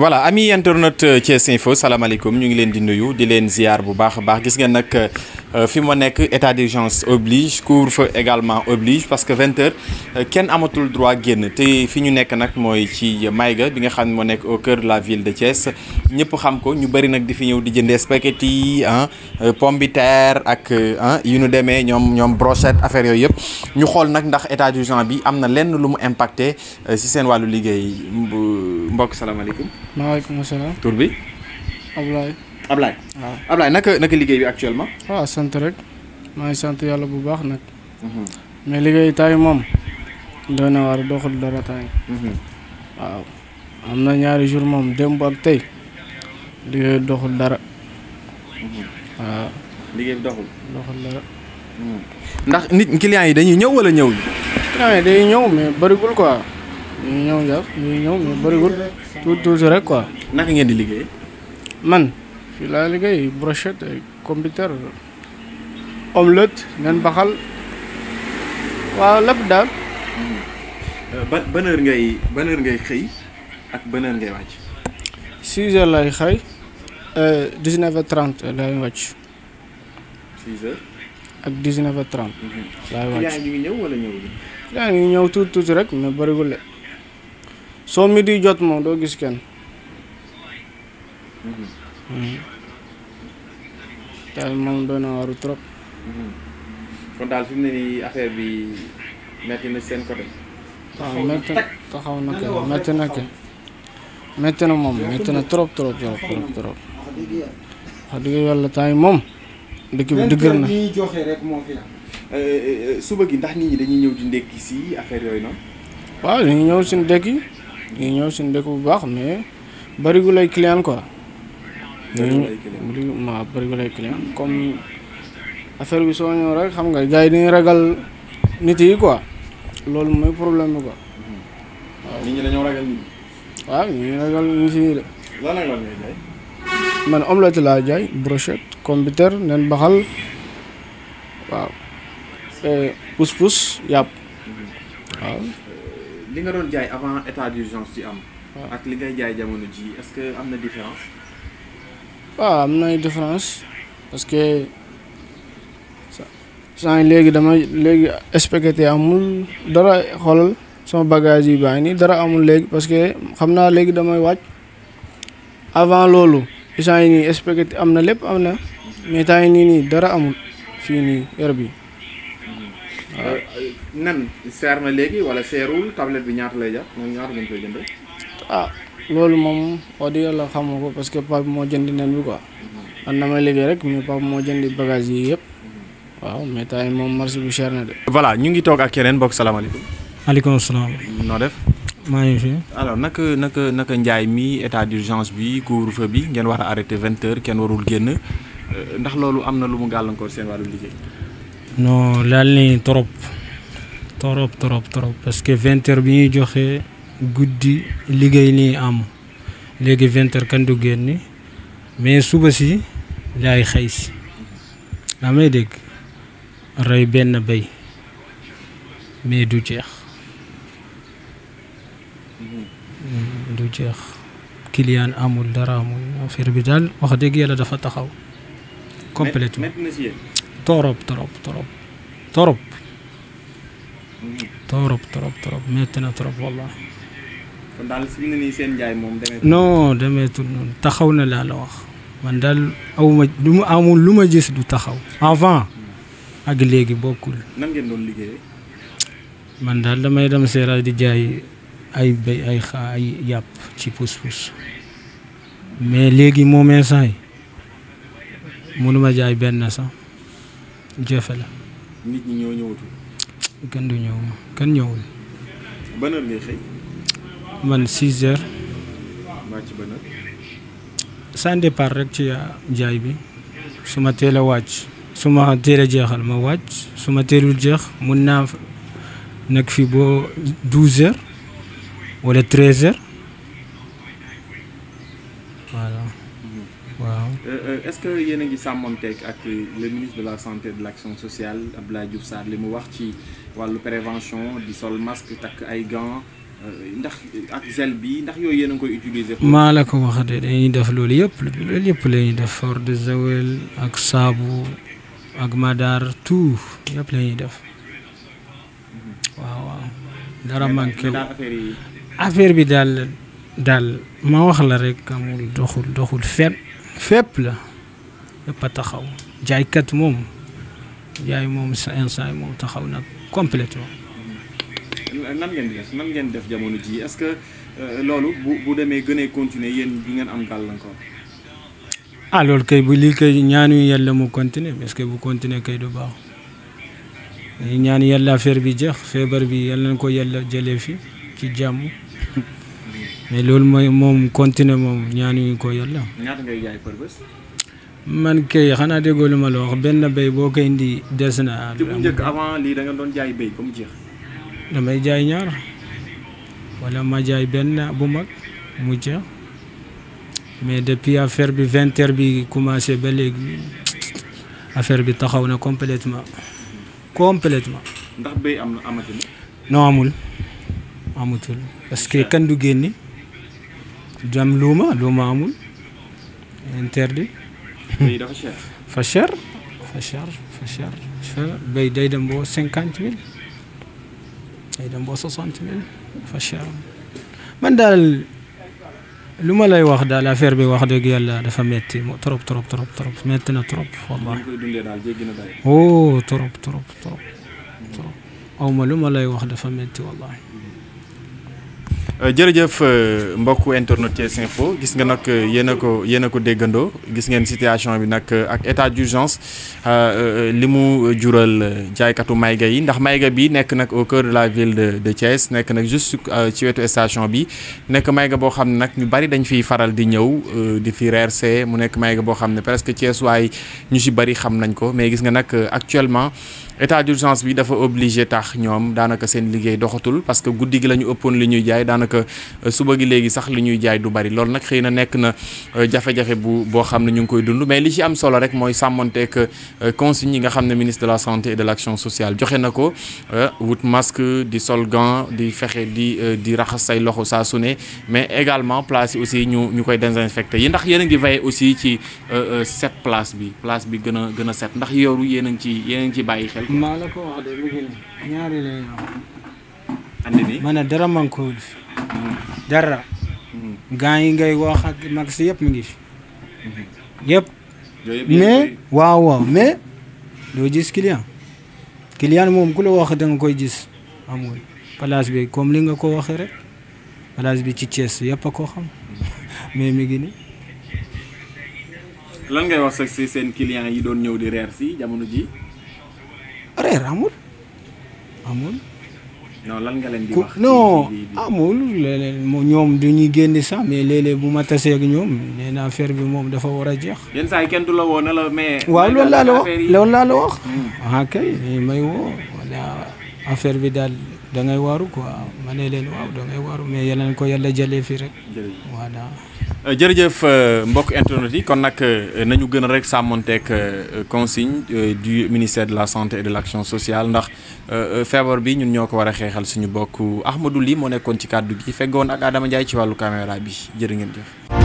voilà ami internet euh, Thiès Info salaamaaleykum ñu ngi leen di nuyu di leen ziar bu baax a baax gis ngeen nag euh, fi ma nekk état d'urgence oblige couvre-feu également oblige parce que 20 heures euh, kenn amatul droit génn te fi ñu nekk nag mooy ci Maïga bi nga xam ne moo nekk au kër la ville de Thiès ñëpp xam ko ñu bëri nag di fi ñëw di jëndee spaghetti yi ah pomme de terre ak ah yu ñu demee ñoom ñoom brochette affaire yooyu yëpp ñu xool nag ndax état d'urgence bi am na lenn lu mu impacté si seen wàllu liggéey mbokk salaamaaleykum. maaleykum salaam. tur bi. Ablaye. Ablaye waaw Ablaye naka naka liggéey bi actuellement. waaw sant rek maa sant yàlla bu baax nag. Mhm. mais liggéey tay moom. doy na waar doxul dara tay mhm. waaw am na ñaari jour moom démb ak tey liggéey doxul dara. Mhm. waaw. liggéey bi doxul. doxul dara. ndax nit clients yi dañuy ñëw wala ñëw. clients yi dañuy ñëw mais bërigul quoi. ñu ñëw jàpp ñu ñëw ñu bëriwul tuuti tuuti rek quoi. naka ngeen di liggéey. man fii laa liggéey brochette computer omelette nen baxal waaw lépp daal. Euh, ban ban heure ngay ban heure ngay xëy ak ban heure ngay wàcc. 6 heures laay xëy 19 euh, heures 30 laay wàcc. 6 heures. ak 19 heures 30. Mhm. laay wàcc yaa ngi ñëw wala ñëw. yaa ngi ñëw tuuti tuuti rek mais bëriwul. soo midi jot moom doo gis kenn mm-hmm. daal moom doy na waaru trop mm-hmm. kon affaire bi metti na seen côté waaw metti na ke metti na ke metti moom metti na trop trop trop trop trop wax dëgg yàlla temps yi moom dëkk bi dëgër na euh, euh, euh, suba gi ndax nit ñi dañuy ñëw di ndekki si affaire yooyu noonu waaw dañuy ñëw si ndekki ñu ñëw suñu dëkk bu baax mais bëriwul ay client quoi. bëriwul ay client waaw bëriwul ay client comme affaire bi soo ñëw rek xam nga gars yi dañuy ragal nit yi quoi loolu mooy problème bi ko waaw nit dañoo ragal nit ñi. waaw ñu ragal nit yi de. lan ak lan ngay man omelette laa jaay brochette computer nen baxal waaw eh, pousse pousse yàpp mhm. waaw. li nga doon jaay avant état d'urgence ci am. ak li ngay jaay jamono ji est-ce que am na différence. waaw ah, am nay différence parce que saa léegi dama léegi expecté amul dara xoolal sama bagage yi baa ngi nii dara amul léegi parce que xam naa léegi damay wàcc avant loolu saa yi nii expecté am na lépp am na mais temps yii nii nii dara amul fii nii heure bi mm-hmm. nan seer na léegi wala seerul tablette bi ñaata lay jar moom ñaata ngeen koy jëndee. ah loolu moom wax dëgg yàlla xamoo ko parce que papa moo jëndi nen bi ko mm-hmm. man damay liggéey rek mais papa moo jëndi bagage yi yëpp. Mm-hmm. waaw mais moom marché bu cher na de. voilà ñu ngi toog ak keneen bokk salaamaaleykum. maaleykum salaam. noo def. maa ngi fi. alors naka naka naka njaay mi état d'urgence bi couvre bi ngeen a arrêté vingt heures kenn warul génn euh, ndax loolu am na lu mu gàllankoor seen wàllu liggéey. non laal ni trop. trop trop trop parce que vingt bi ñuy joxe guddi liggéey nii am léegi vingt kan du génn mais suba si laay xëy si amay dégg benn béy mais du jeex mm, du jeex client amul dara amul bi daal wax dëgg yàlla dafa taxaw complètement trop trop trop trop métti na trop wallahi kon moom demee. non taxaw na laa la wax man daal awuma lu ma amul lu ma gis du taxaw. avant ak léegi bokkul. nan ngeen doon liggéey. man daal damay dem seeraay di jaay ay béy ay xaa ay yàpp ci pus-pus mais léegi moom instant yi mënuma jaay benn sax jafe la. nit ñi kenn du ñëw kenn ñëwul. man 6 heures. maa ci rek ci jaay bi su ma teel a wàcc su ma teel a jeexal ma wàcc su ma teelul jeex mun naa nag fi boo 12 heures wala 13 heures. est que yéen a ngi sàmmanteeg ak le ministre de la santé et de l'action sociale Abdoulaye Diouf Sarr li mu wax ci wàllu prévention di sol masque takk ay gants euh, ndax ak gel bi ndax yooyu yéen a ngi koy utiliser. maa la ko wax de dañuy def loolu yëpp loolu yëpp def for de zawel ak saabu ak madar tout yëpp la def waaw waaw. dara manqué affaire bi daal daal ma wax la rek amul doxul doxul fépp fépp la. yëpp a taxaw jaaykat moom jaay moom sa instant moom taxaw nag complètement nan ngeen di def ngeen def jamono ji est-ce que euh, loolu bu bu demee gënee continuer yéen du ngeen am gàllankoor. ah loolu kay bu lii kay ñaanu yàlla mu continuer parce que bu continuer kay du baax ñaan yàlla affaire bi jeex feebar bi yàlla nañ ko yàlla jëlee fi ci jàmm mais loolu mooy moom continuer moom ñaanuñu ko yàlla. man kay xanaa déggoo lu ma la benn bay boo koy indi des na. lii da doon jaay béy ba mu damay jaay ñaar wala ma jaay benn bu mag mu jeex mais depuis affaire bi vingt heures bi commencé ba léegi affaire bi taxaw na complètement complètement ndax béy am na amatul. non amul amatul parce que kan du génni jam luuma luuma amul interdit. béy dafa fa cher fa cher fa cher cher day dem boo cinquante mille day dem boo soixante mille fa cher man daal lu ma lay wax daal affaire bi wax dëgg yàlla dafa metti trop trop trop trop metti na trop wallahi oh trop trop trop trop aw ma lu ma lay wax dafa metti wallahi Euh, jërëjëf euh, mbokku internet Thiès Info gis nga nag euh, yéen ko yéen ko déggandoo gis ngeen situation bi nag ak état d'urgence li mu jural jaaykatu mayga yi ndax mayga bi nekk nag au cœur de la ville de de Thiès nekk nag juste ci wetu station bi nekk mayga boo xam ne nag ñu bari dañ fiy faral di ñëw di fi reer see mu nekk mayga boo xam ne presque Thiès waay ñu si bari xam nañ ko mais gis nga nag actuellement. état d'urgence bi dafa obligé tax ñoom daanaka seen liggéey doxatul parce que guddi gi lañu ëppoon li ñuy jaay daanaka euh, suba gi léegi sax li ñuy jaay du bari loolu nag xëy na nekk na euh, jafe-jafe bu boo xam ne ñu ngi koy dund mais li ci am solo rek mooy sàmmonteeg euh, consignes yi nga xam ne ministre la santé et sociale joxe na ko wut masque di sol gant di fexe di di raxas say loxo saa su ne mais également place yi aussi ñu ñu koy désinfecté yi ndax yéen a ngi veillé aussi ci set place bi place bi gën a gën a set ndax yoru yéen ngi ci yéen a ngi ci bàyyi xel maa la ko wax de mu ngi ne ñaari lay andi bi ma ne dara manqué fi mm-hmm. dara mm-hmm. gaa yi ngay wax ak mag si yëpp mu ngi fi mm-hmm. yëpp mais waaw waaw mais doo gis client client moom ku la wax da koy gis amul place bi comme li nga ko waxee rek place bi ci Thiès yëpp a ko xam mais mi ngi ni ngay wax sax seen client yi doon ñëw di reer si jamono ji frère amul amul. non lan nga leen di wax. amul léeg-léeg ñoom dañuy génn sax mais léeg-léeg bu ma tasee ak ñoom nee na bi moom dafa war a jeex. yenn saa yi kenn du la woo mais. waaw loolu laa wax loolu laa la hmm. ah, may woo wala affaire bi daal da ngay waaru quoi ma ne leen waaw da waaru mais yeneen ko yàlla jëlee fii rek. voilà. Euh, jërëjëf euh, mbokk internet yi kon nag euh, nañu gën a rek sàmmonteeg consigne du ministère de la santé et de l'action sociale ndax feebar bi ñun ñoo ko war a xeexal suñu bokk Ahmadou lii moo nekkoon ci kàddu gi feggoon ak aadama Ndiaye ci wàllu caméra bi jërë ngeen jëf